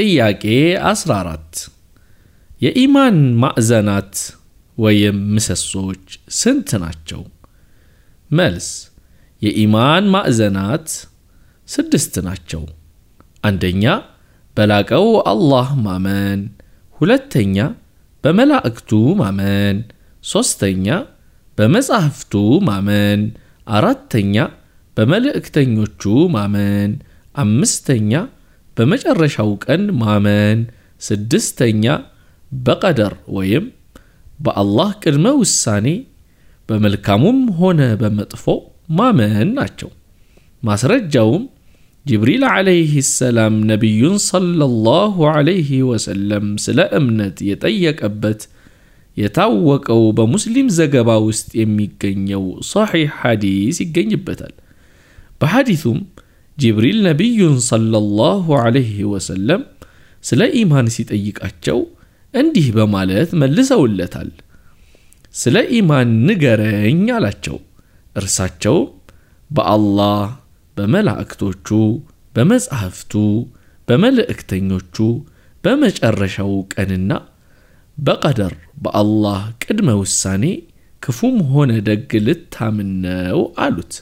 ጥያቄ 14 የኢማን ማዕዘናት ወይም ምሰሶች ስንት ናቸው? መልስ የኢማን ማዕዘናት ስድስት ናቸው። አንደኛ በላቀው አላህ ማመን፣ ሁለተኛ በመላእክቱ ማመን፣ ሦስተኛ በመጻሕፍቱ ማመን፣ አራተኛ በመልእክተኞቹ ማመን፣ አምስተኛ በመጨረሻው ቀን ማመን። ስድስተኛ በቀደር ወይም በአላህ ቅድመ ውሳኔ በመልካሙም ሆነ በመጥፎ ማመን ናቸው። ማስረጃውም ጅብሪል ዓለይህ ሰላም ነቢዩን ሰለላሁ ዓለይህ ወሰለም ስለ እምነት የጠየቀበት የታወቀው በሙስሊም ዘገባ ውስጥ የሚገኘው ሶሒሕ ሐዲስ ይገኝበታል። በሐዲሱም ጅብሪል ነቢዩን ሰለላሁ ዐለይሂ ወሰለም ስለ ኢማን ሲጠይቃቸው እንዲህ በማለት መልሰውለታል። ስለ ኢማን ንገረኝ አላቸው። እርሳቸውም በአላህ፣ በመላእክቶቹ፣ በመጻሕፍቱ፣ በመልእክተኞቹ፣ በመጨረሻው ቀንና በቀደር በአላህ ቅድመ ውሳኔ ክፉም ሆነ ደግ ልታምን አሉት።